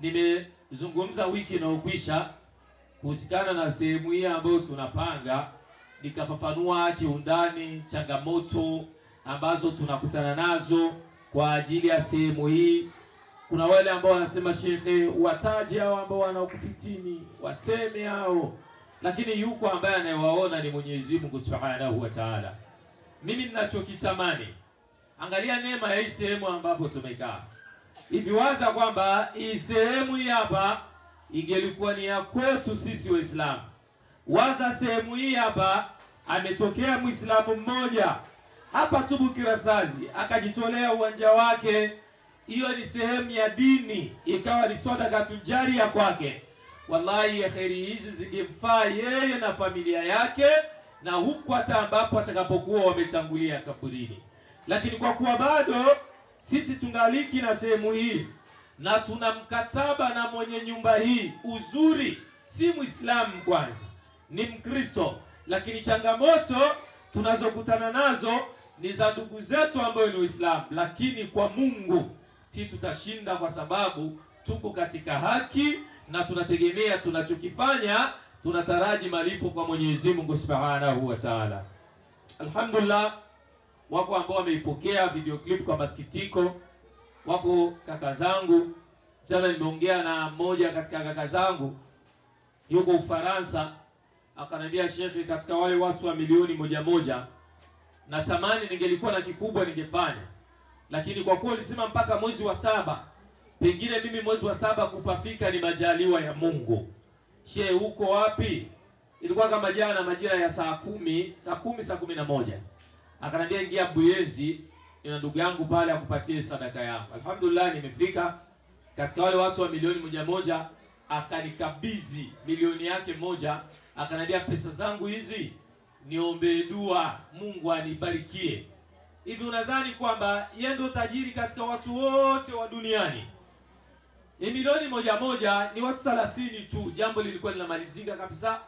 nimezungumza wiki inayokwisha kuhusikana na sehemu hii ambayo tunapanga, nikafafanua kiundani changamoto ambazo tunakutana nazo kwa ajili ya sehemu hii. Kuna wale ambao wanasema shehe, wataje hao ambao wanaokufitini, waseme hao, lakini yuko ambaye anayewaona ni Mwenyezi Mungu Subhanahu wa Ta'ala. Mimi ninachokitamani, angalia neema ya hii sehemu ambapo tumekaa hivi waza kwamba hii sehemu hii hapa ingelikuwa ni ya kwetu sisi Waislamu. Waza sehemu hii hapa ametokea Muislamu mmoja hapa tu Bukirasazi akajitolea uwanja wake, hiyo ni sehemu ya dini, ikawa ni sadaka jaria kwake. Wallahi, kheri hizi zingemfaa yeye na familia yake na huku hata ambapo atakapokuwa wametangulia kaburini, lakini kwa kuwa bado sisi tunaliki na sehemu hii na tuna mkataba na mwenye nyumba hii. Uzuri si Muislamu kwanza, ni Mkristo, lakini changamoto tunazokutana nazo ni za ndugu zetu ambayo ni Uislamu, lakini kwa Mungu si tutashinda, kwa sababu tuko katika haki na tunategemea tunachokifanya, tunataraji malipo kwa Mwenyezi Mungu Subhanahu wa Ta'ala. Alhamdulillah wako ambao wameipokea video clip kwa masikitiko, wako kaka zangu. Jana nimeongea na mmoja katika kaka zangu yuko Ufaransa, akaniambia shekhi, katika wale watu wa milioni moja moja natamani ningelikuwa na kikubwa ningefanya, lakini kwa kuwa ulisema mpaka mwezi wa saba, pengine mimi mwezi wa saba kupafika ni majaliwa ya Mungu. Shehe, uko wapi? Ilikuwa kama jana majira ya saa kumi, saa kumi, saa kumi na moja Akanambia ingia Buyezi, ina ndugu yangu pale akupatie sadaka yako. Alhamdulillah, nimefika katika wale watu wa milioni moja moja, akanikabidhi milioni yake moja, akanambia pesa zangu hizi niombee dua, Mungu anibarikie. Hivi unadhani kwamba yeye ndio tajiri katika watu wote wa duniani? Ni milioni moja moja ni watu 30 tu. Jambo lilikuwa linamalizika kabisa,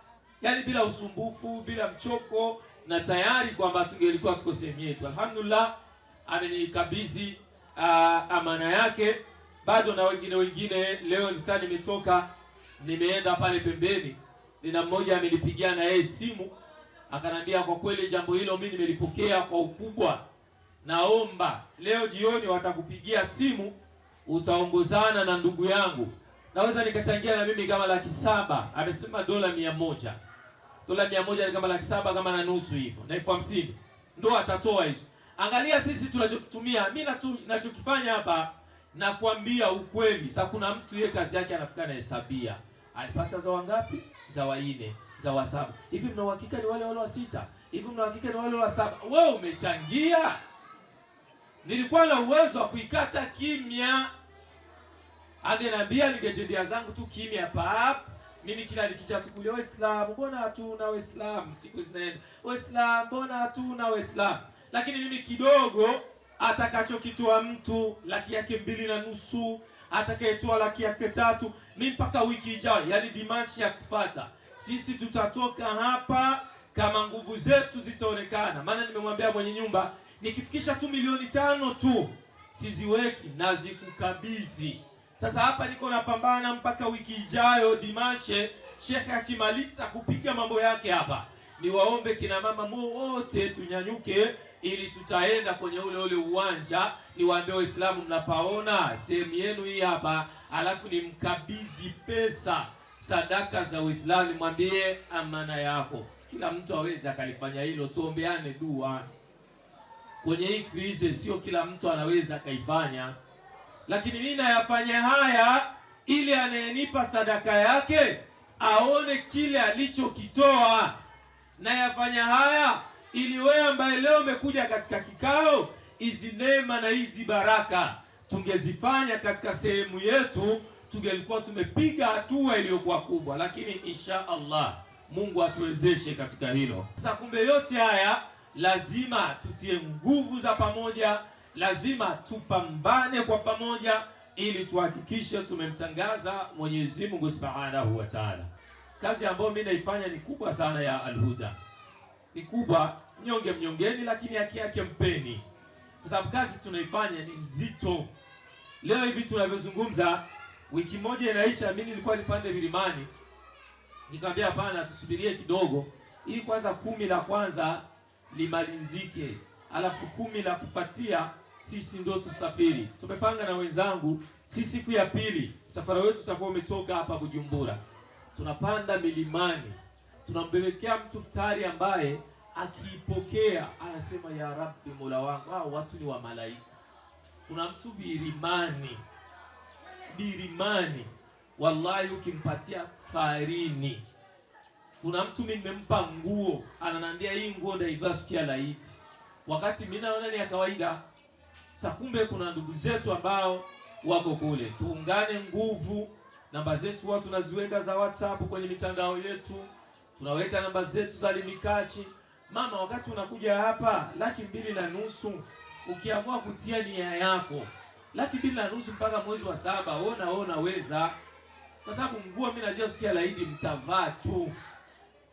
yaani bila usumbufu, bila mchoko na tayari kwamba tungelikuwa tuko sehemu yetu. Alhamdulillah, amenikabidhi uh, amana yake bado na wengine wengine. Leo nisa nimetoka nimeenda pale pembeni, nina mmoja amenipigia na yeye simu akanambia, kwa kweli jambo hilo mimi nimelipokea kwa ukubwa, naomba leo jioni watakupigia simu, utaongozana na ndugu yangu, naweza nikachangia na mimi kama laki saba. Amesema dola mia moja dola mia moja ni kama laki saba kama na nusu hivyo na elfu hamsini ndo atatoa hizo. Angalia sisi tunachokitumia, mimi nachokifanya hapa nakwambia ukweli. Sasa kuna mtu yeye kazi yake anafika na hesabia, alipata za wangapi? Za wanne, za wa saba. Hivi mna uhakika ni wale wale wa sita? Hivi mna uhakika ni wale wa saba? Wewe umechangia. Nilikuwa na uwezo wa kuikata kimya, angeniambia ningejendia zangu tu kimya pap mimi kila nikichatukulia Waislamu, mbona hatuna Waislamu, siku zinaenda, Waislamu, mbona hatuna Waislamu. Lakini mimi kidogo, atakachokitoa mtu laki yake mbili na nusu, atakayetoa laki yake tatu, mi mpaka wiki ijayo, yani dimashi ya kufata, sisi tutatoka hapa kama nguvu zetu zitaonekana. Maana nimemwambia mwenye nyumba, nikifikisha tu milioni tano tu siziweki na zikukabidhi sasa hapa niko napambana mpaka wiki ijayo Dimashe, shekhe akimaliza kupiga mambo yake hapa. Niwaombe kina mama wote tunyanyuke, ili tutaenda kwenye ule ule uwanja. Niwaambie Waislamu, mnapaona sehemu yenu hii hapa, alafu ni mkabizi pesa sadaka za Uislamu, mwambie amana yako. Kila mtu aweze akalifanya hilo, tuombeane dua kwenye hii krize. Sio kila mtu anaweza akaifanya lakini mimi nayafanya haya ili anayenipa sadaka yake aone kile alichokitoa. Nayafanya haya ili wewe ambaye leo umekuja katika kikao, hizi neema na hizi baraka tungezifanya katika sehemu yetu, tungelikuwa tumepiga hatua iliyokuwa kubwa, lakini insha Allah Mungu atuwezeshe katika hilo. Sasa kumbe yote haya lazima tutie nguvu za pamoja lazima tupambane kwa pamoja ili tuhakikishe tumemtangaza Mwenyezi Mungu Subhanahu wa Ta'ala. Kazi ambayo mimi naifanya ni kubwa sana ya Alhuda, ni kubwa. Mnyonge mnyongeni, lakini haki yake mpeni, kwa sababu kazi tunaifanya ni nzito. Leo hivi tunavyozungumza, wiki moja inaisha, mimi nilikuwa nipande milimani, nikamwambia hapana, tusubirie kidogo, ili kwanza kumi la kwanza limalizike, alafu kumi la kufuatia sisi ndio tusafiri. Tumepanga na wenzangu, si siku ya pili safari wetu tutakuwa umetoka hapa Kujumbura, tunapanda milimani, tunambebekea mtu futari ambaye akiipokea anasema ya Rabbi, mola wangu, hao watu ni wa malaika. Kuna mtu birimani, birimani, wallahi ukimpatia farini. Kuna mtu mimi nimempa nguo, ananiambia hii nguo ndaivaa siku ya laiti, wakati mimi naona ni ya kawaida Sa kumbe kuna ndugu zetu ambao wako kule, tuungane nguvu. Namba zetu huwa tunaziweka za WhatsApp kwenye mitandao yetu, tunaweka namba zetu za limikashi. Mama, wakati unakuja hapa, laki mbili na nusu ukiamua kutia nia yako, laki mbili na nusu mpaka mwezi wa saba, ona wewe weza, kwa sababu nguo mimi najua sikia laidi mtavaa tu,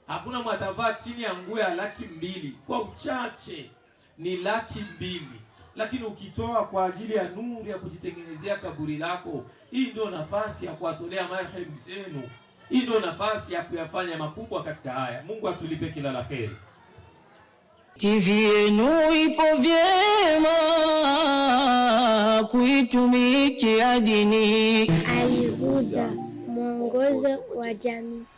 hakuna mwatavaa chini ya nguo ya laki mbili, kwa uchache ni laki mbili lakini ukitoa kwa ajili ya nuru ya kujitengenezea kaburi lako, hii ndio nafasi ya kuwatolea marhem zenu. Hii ndio nafasi ya kuyafanya makubwa katika haya. Mungu atulipe kila la kheri. TV yenu ipo vyema kuitumikia dini. al mwongozo wa jamii.